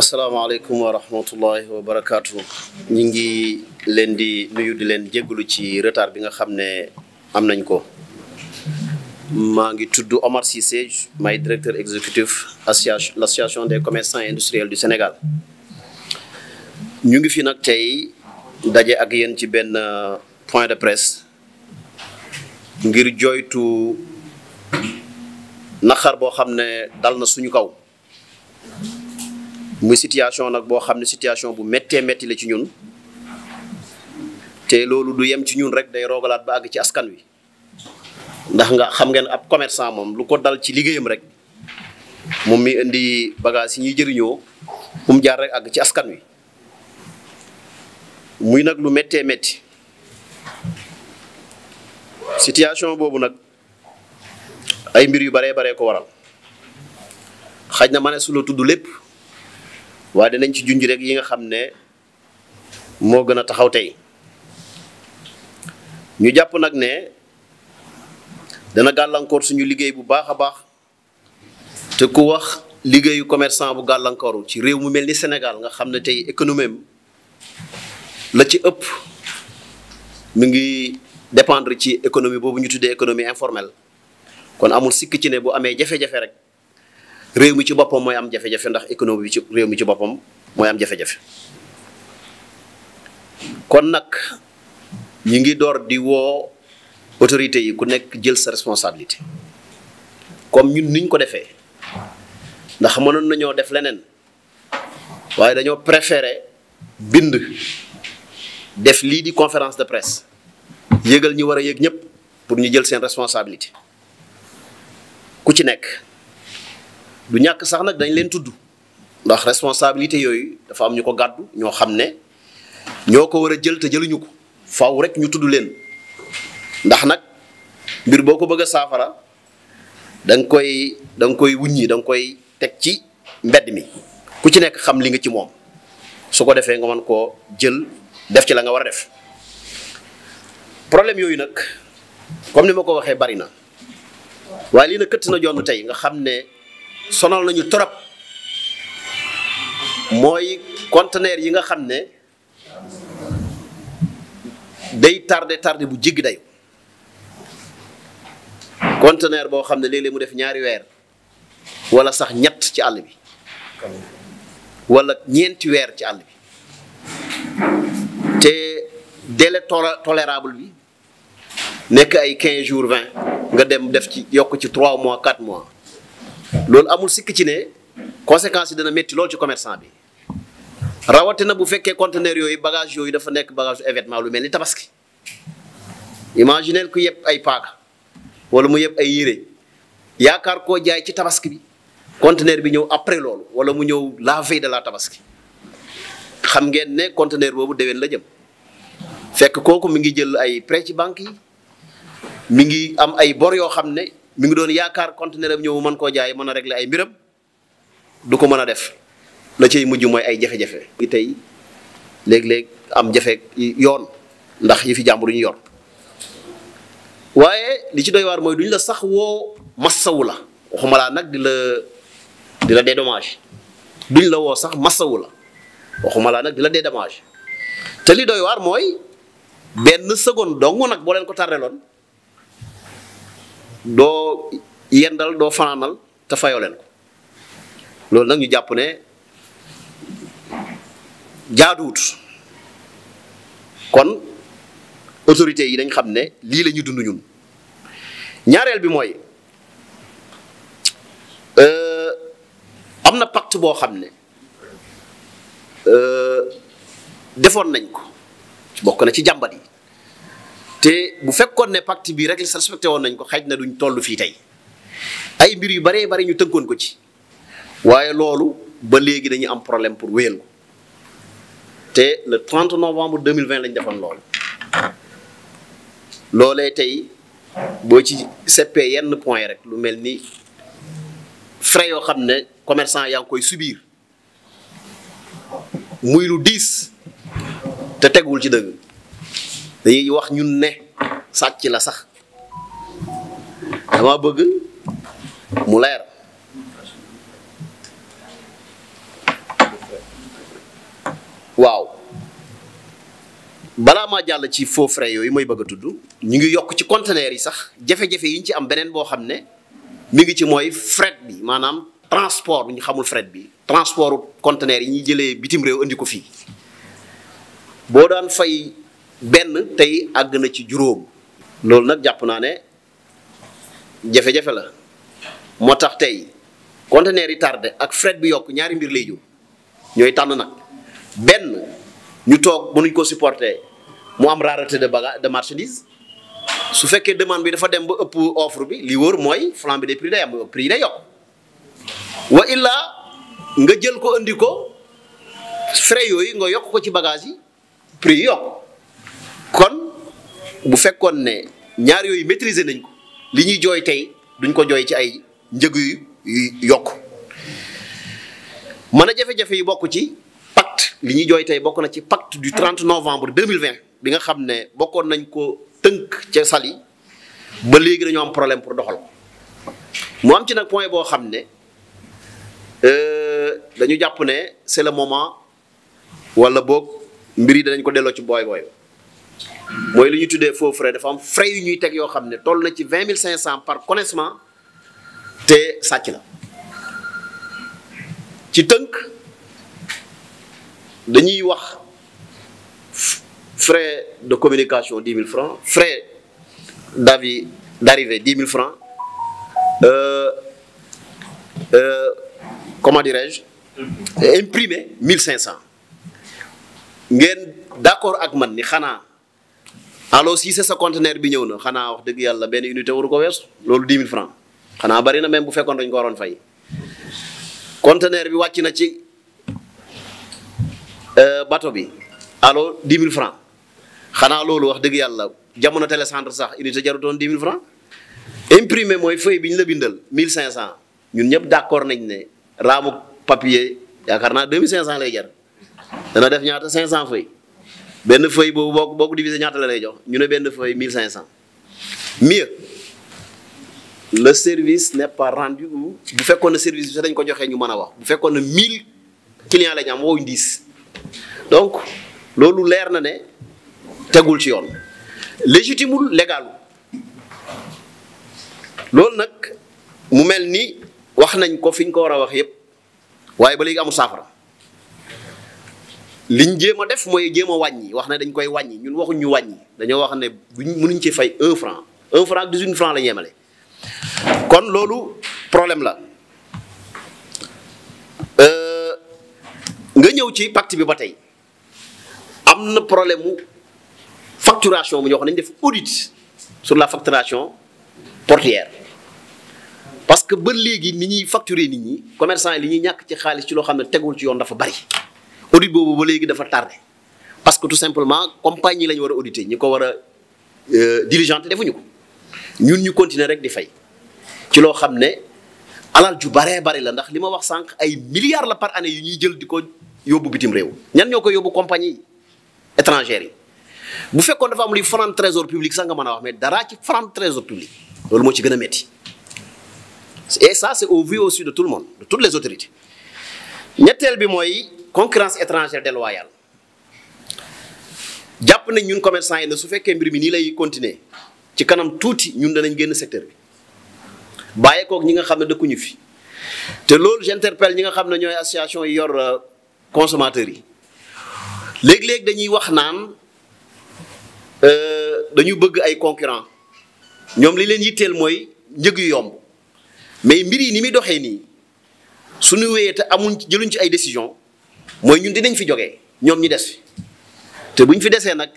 asalaamaaleykum wa rahmatullahi wa barakaatu. ñu ngi leen di nuyu di leen jégalu ci retard bi nga xam ne am nañ ko. maa ngi tudd Omar Cissé may directeur exécutif association l' des commerçants et industriels du Sénégal. ñu ngi fi nag tey daje ak yéen ci benn euh, point de presse ngir jooytu naxar boo xam ne dal na suñu kaw. muy situation nag boo xam ne situation bu méttee métti la ci ñun te loolu du yem ci ñun rek day roogalaat ba àgg ci askan wi ndax nga xam ngeen ab commerçant moom lu ko dal ci liggéeyam rek moom mi indi bagage yi ñuy jëriñoo mu jaar rek àgg ci askan wi muy nag lu mettee metti situation boobu nag ay mbir yu baree baree ko waral xaj na ma ne su tudd lépp waa danañ ci junj rek yi nga xam ne moo gën a taxaw tey ñu jàpp nag ne dana gàllankoor suñu liggéey bu baax a baax te ku wax liggéeyu commerçant bu gàllankooru ci réew mu mel ni Sénégal nga xam ne tey économie la ci ëpp mu ngi dépendre ci économie boobu ñu tuddee économie informelle kon amul sikk ci ne bu amee jafe-jafe rek. réew mi ci boppam mooy am jafe-jafe ndax économie bi ci réew mi ci boppam mooy am jafe-jafe kon nag ñi ngi door di woo autorité yi ku nekk jël sa responsabilité comme ñun niñ ko defee ndax mënoon nañoo def leneen waaye dañoo préféré bind def lii di conférence de presse yëgal ñi war a yëg ñëpp pour ñu jël seen responsabilité ku ci nekk du ñàkk sax nag dañ leen tudd ndax responsabilité yooyu dafa am ñu ko gàddu ñoo xam ne ñoo ko war a jël te jëluñu ko faaw rek ñu tudd leen ndax nag mbir boo ko bëgg saafara da koy da nga koy wuññi da nga koy teg ci mbedd mi ku ci nekk xam li nga ci moom su ko defee nga mën koo jël def ci la nga war a def problème yooyu nag comme ni ma ko waxee bari na waaye lii na këtt na jonn tey nga xam ne sonal nañu trop mooy conteneur yi nga xam ne day tardé tardé bu jiggi day conteneur boo xam ne léeg-léeg mu def ñaari weer wala sax ñett ci àll bi wala ñeenti weer ci àll bi te délai tolérable bi nekk ay 15 jours 20 nga dem def ci yokk ci trois mois 4 mois loolu amul sikk ci ne conséquence yi dana métti lool ci commerçant bi rawatina bu fekkee conteneur yooyu bagage yooyu dafa nekk bagage évétement lu mel ni tabaski imaginez ku yëpp ay paaka wala mu yëpp ay yére yaakaar koo jaay ci tabaski bi conteneur bi ñëw après loolu wala mu ñëw la veille de la tabaski xam ngeen ne conteneur boobu déwén la jëm fekk kooku mu ngi jël ay prêt ci banque yi mi ngi am ay bor yoo xam ne mu ngi doon yaakaar conteneur am ñëw mën koo jaay mën a régler ay mbiram du ko mën a def la cay mujj mooy ay jafe-jafe. yi tey léeg-léeg am jafe yoon ndax yi fi jàmbur ñu yor waaye li ci doy waar mooy duñ la sax woo massawu la waxuma laa nag di la di la dédommage la woo sax massawu la waxuma laa nag di la dédommage te li doy waar mooy benn seconde dong nag boo leen ko tàrreeloon. doo yendal doo fanaanal te fayoo leen ko loolu nag ñu jàpp jaaduwut kon autorités yi dañ xam ne lii la ñuy ñun ñaareel bi mooy euh, am na pacte boo xam ne euh, defoon nañ ko bokk na ci jàmbat yi te bu fekkoon ne pacte bi rek respecté woon nañ ko xaj na duñ toll fii tey ay mbir yu baree bari ñu tënkoon ko ci waaye loolu ba léegi dañu am problème pour wéyal ko te le 30 novembre 2020 lañ defoon loolu loolee tey boo ci seppee yenn point rek lu mel ni frais yoo xam ne commerçant yaa ngi koy subiir muy lu diis te tegul ci dëgg dañuy wax ñun ne sàcc la sax dama bëgg mu leer waaw balaa maa jàll ci faux frais yooyu mooy bëgg a tudd ñu ngi yokk ci conteneur yi sax jafe-jafe yi ñu ci am beneen boo xam ne mu ngi ci mooy fret bi maanaam transport bu ñu xamul fret bi transport conteneur yi ñuy jëlee bitim réew andi ko fii boo daan fay benn tey àgg na ci juróom loolu nag jàpp naa ne jafe-jafe la moo tax tey conteneur yi tardé ak fret bi yokk ñaari mbir lay jur ñooy tànn nag benn ñu toog mënuñ ko supporter mu am rareté de bagage de marchandise su fekkee demande bi dafa dem ba ëpp ofre bi li wër mooy flambée des prix day am prix day yokk wa illa nga jël ko indi ko frais yooyu nga yokk ko ci bagage yi prix yi yokk kon bu fekkoon ne ñaar yooyu maîtriser nañ ko li ñuy jooy tey duñ ko jooy ci ay njëg yu yokk mën a jafe-jafe yi bokk ci pacte li ñuy jooy tey bokk na ci pacte du 30 novembre 2020 bi nga xam ne bokkoon nañ ko tënk ca Saly ba léegi dañoo am problème pour doxal ko mu am ci nag point boo xam ne euh, dañu jàpp ne c'est le moment wala boog mbir yi danañ ko delloo ci booy mooy li ñu tuddee faux frais dafa am frais yu ñuy teg yoo xam ne toll na ci vingt mille cinq cent par connaissement te sàcc la ci tënk dañuy wax frais de communication dix mille francs frais d'avis d'arrivée dix mille francs euh, euh, comment dirais-je imprimé mille cinq cent ngeen d'accord ak man ni xanaa allo Cissé sa conteneur bi ñëw na xanaa wax dëgg yàlla benn unité waru ko weesu loolu 10 000 francs xanaa bari na même bu fekkoon dañ ko waroon fay conteneur bi wàcc na ci euh, bato bi allo 10 000 francs xanaa loolu wax dëgg yàlla jamono télécentre sax unité jarutoon 10 000 francs imprimé mooy feuille bi ñu la bindal cinq 1500 ñun ñëpp d'accord nañ ne raamu papier yaakaar naa 2500 lay jar dana def ñaata 500 feuilles. benn feuille boobu boo ko boo ko divisé ñaata la lay jox ñu ne benn feuille 1500. mieux le service n'est pas rendu ou bu fekkoon ne service bi sax dañ ko joxee ñu mën a wax bu fekkoon ne 1000 clients la ñu am woowuñu 10 donc loolu leer na ne tegul ci yoon légitimul légalul loolu nag mu mel ni wax nañ ko fi ñu ko war a wax yépp waaye ba léegi amul saafara liñ jéem a def mooy jéem a wàññi wax na dañ koy wàññi ñun waxuñ ñu wàññi dañoo wax ne buñ mënuñ ci fay un franc un franc ak 18 franc la ñu yemale kon loolu problème la euh, nga ñëw ci pacte bi ba tey am na problème mu facturation bu ñu wax nañ def audit sur la facturation portière parce que ba léegi ni ñuy facturer nit ñi commerçant yi li ñuy ñàkk ci xaalis ci loo xam ne tegul ci yoon dafa bari audit boobu ba léegi dafa tardé parce que tout simplement compagnie la ñu war a auditer ñi ko war a euh, diligenté defuñu ko ñun ñu continuer rek di fay ci loo xam ne alal ju baree bari la ndax li ma wax sànq ay milliards la par année yu ñuy jël di ko yóbbu bitim réew ñan ñoo ko yóbbu compagnie étrangères yi bu fekkoon dafa am luy franc trésor public sax nga mën a wax mais dara ci franc trésor public loolu moo ci gën a métti et ça c'est au vu aussi de tout le monde de toutes les autorités ñetteel bi mooy concurrence étrangère déloyale jàpp nañ ñun commerçant yi na su fekkee mbir mi nii lay continé ci kanam tuuti ñun danañ génn secteur bi bàyyeekook ñi nga xam ne dëkkuñu fi te loolu j'interpelle ñi nga xam ne ñooy association yi yor euh, consommateurs yi léegi-léegi dañuy wax naan euh, dañu bëgg ay concurrent ñoom li leen yitteel mooy njëg yu yomb mais mbir yi ni muy doxee nii suñu wéyee te amuñ jëluñ ci ay décision mooy ñun dinañ fi jógee ñoom ñu des fi te buñ fi desee nag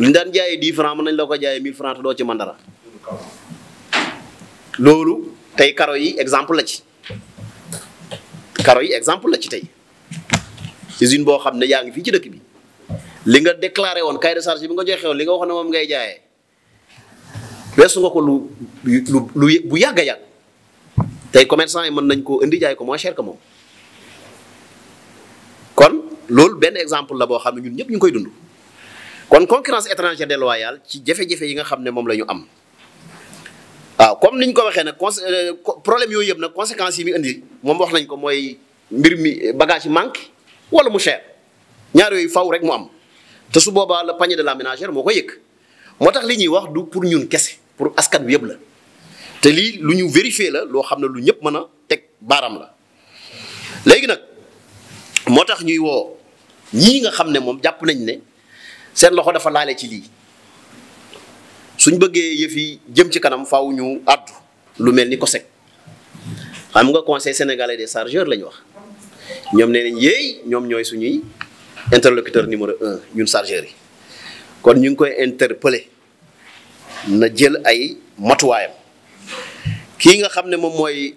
liñ daan jaayee 10 francs mën nañ la ko jaaye 1000 francs te doo ci man dara loolu tey karo yi exemple la ci karo yi exemple la ci tey usine boo xam ne yaa ngi fii ci dëkk bi li nga déclaré woon cahier de charge bi nga joxe woon li nga wax ne moom ngay jaayee weesu nga ko lu lu lu bu yàgg a yàgg tey commerçant yi mën nañ koo indi jaay ko moins cher que moom. kon loolu benn exemple la boo xam ne ñun ñëpp ñu koy dund kon concurrence étrangère déloyale ci jafe-jafe yi nga xam ne moom la ñu am waaw ah, comme ni ñu ko waxee nag euh, problème yooyu yëpp na conséquences yi mu indi moom wax nañ ko mooy mbir mi bagage yi manque wala mu cher ñaar yooyu faw rek mu am te su boobaa la panier de la ménagère moo ko yëg moo tax li ñuy wax du pour ñun kese pour askan wi yëpp la te lii lu ñu vérifier la loo xam ne lu ñëpp mën a teg baaram nag moo tax ñuy woo ñii nga xam ne moom jàpp nañ ne seen loxo dafa laale ci lii suñ bëggee yëf jëm ci kanam faw ñu àddu lu mel ni COSEC xam nga conseil sénégalais des chargeurs la ñu wax ñoom nee nañ ñoom ñooy suñuy interlocuteur numéro un ñun chargeurs yi kon ñu ngi koy interpellé na jël ay matuwaayam kii nga xam ne moom mooy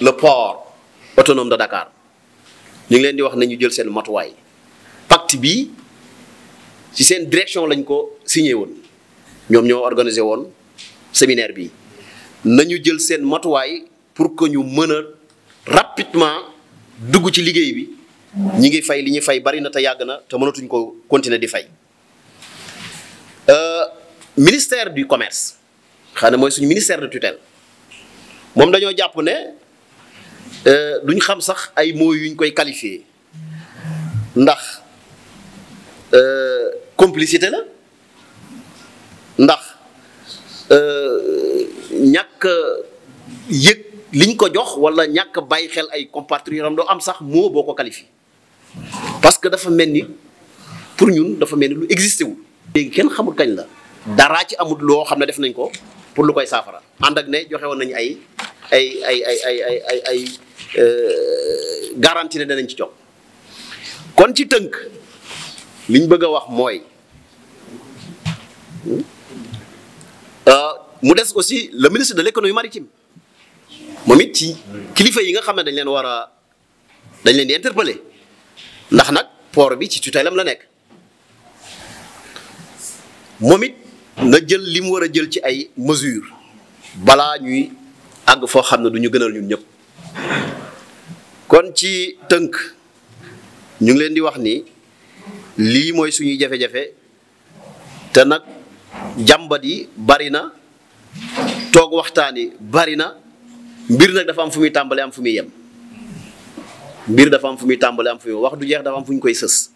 le port autonome de dakaar ñu ngi leen di wax nañu jël seen matuwaay pacte bi ci seen direction lañ ko signé woon ñoom ñoo organisé woon séminaire bi nañu jël seen matuwaay pour que ñu mën a rapidement dugg ci liggéey bi ñi ngi fay li ñuy fay bari na te yàgg na te mënatuñ ko continuer di fay euh, ministère du commerce xanaa mooy suñu ministère de tutelle moom dañoo jàpp ne Euh, duñ xam sax ay mots yuñ koy qualifier ndax euh, complicité la ndax euh, ñàkk yëg liñ ko jox wala ñàkk bàyyi xel ay compatriotes am doo am sax mot boo ko qualifié parce que dafa mel ni pour ñun dafa mel ni lu existé wul. léegi kenn xamul kañ la daraa ci amut loo xam ne def nañ ko pour lu koy saafara ànd ak ne joxe nañu ay ay ay ay ay ay ay Euh, garantie na danañ ci jox kon ci tënk liñ bëgg a wax mooy euh, mu des aussi le ministre de l'économie maritime moom it ci kilifa yi nga xam ne dañ leen war a dañ leen di interpeller ndax nag port bi ci tutelam la nekk moom it na jël li mu war a jël ci ay mesures balaa ñuy àgg foo xam ne du ñu gënal ñun ñëpp. kon ci tënk ñu ngi leen di wax ni lii mooy suñuy jafe-jafe te nag jàmbat yi bari na toog waxtaan yi bari na mbir nag dafa am fu muy tàmbale am fu muy yem mbir dafa am fu muy tàmbale am fu muy wax du jeex dafa am fu ñu koy sës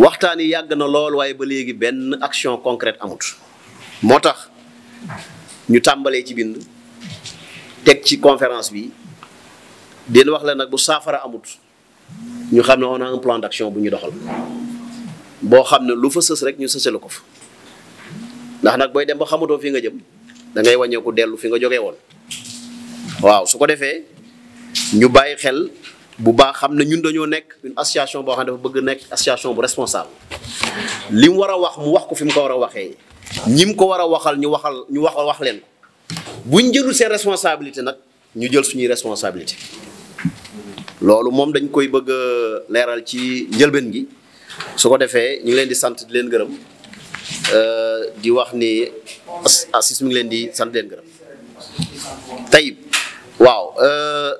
waxtaan yi yàgg na lool waaye ba léegi benn action concrète amut moo tax ñu tàmbalee ci bind teg ci conférence bi dina wax leen nag bu saafara amut ñu xam ne on a un plan d'action bu ñu doxal boo xam ne lu fa sës rek ñu sësale ko fa ndax nag booy dem ba xamatoo fii nga jëm da ngay wàññeeku dellu fi nga jógee woon waaw su ko defee ñu bàyyi xel bu baax xam ne ñun dañoo nekk une association boo xam ne dafa bëgg nekk association bu responsable li mu war a wax mu wax ko fi mu ko war a waxee ñi mu ko war a waxal ñu waxal ñu wax wax leen ko buñ jëlul seen responsabilité nag ñu jël suñuy responsabilité loolu moom dañ koy bëgg a leeral ci njëlbeen gi su ko defee ñu ngi leen di sant di leen gërëm euh, di wax ni assis mi ngi leen di sant leen gërëm tayib waaw euh,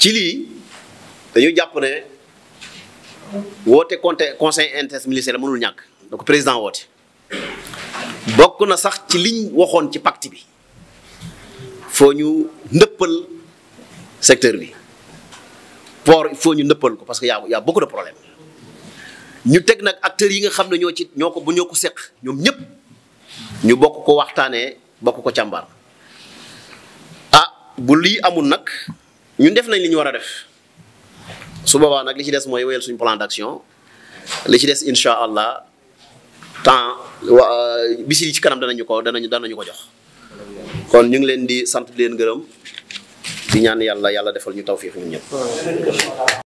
ci lii dañu jàpp ne woote conte conseil interministériel mënul ñàkk donc président woote bokk na sax ci liñ waxoon ci pacte bi foo ñu ndëppal secteur bi port il faut ñu nëppal ko parce que y a y a beaucoup ñu teg nag acteurs yi nga xam ne ñoo ci ñoo ko bu ñoo ko seq ñoom ñëpp ñu bokk ko waxtaanee bokk ko càmbar ah bu lii amul nag ñun def nañ li ñu war a def su boobaa nag li ci des mooy wéyal suñu plan d'action li ci des incha allah temps wa euh, bis ci kanam danañu ko danañu danañu ko jox kon ñu ngi leen di sant di leen gërëm. di ñaan yàlla yàlla defal ñu tawfiix ñun ñëpp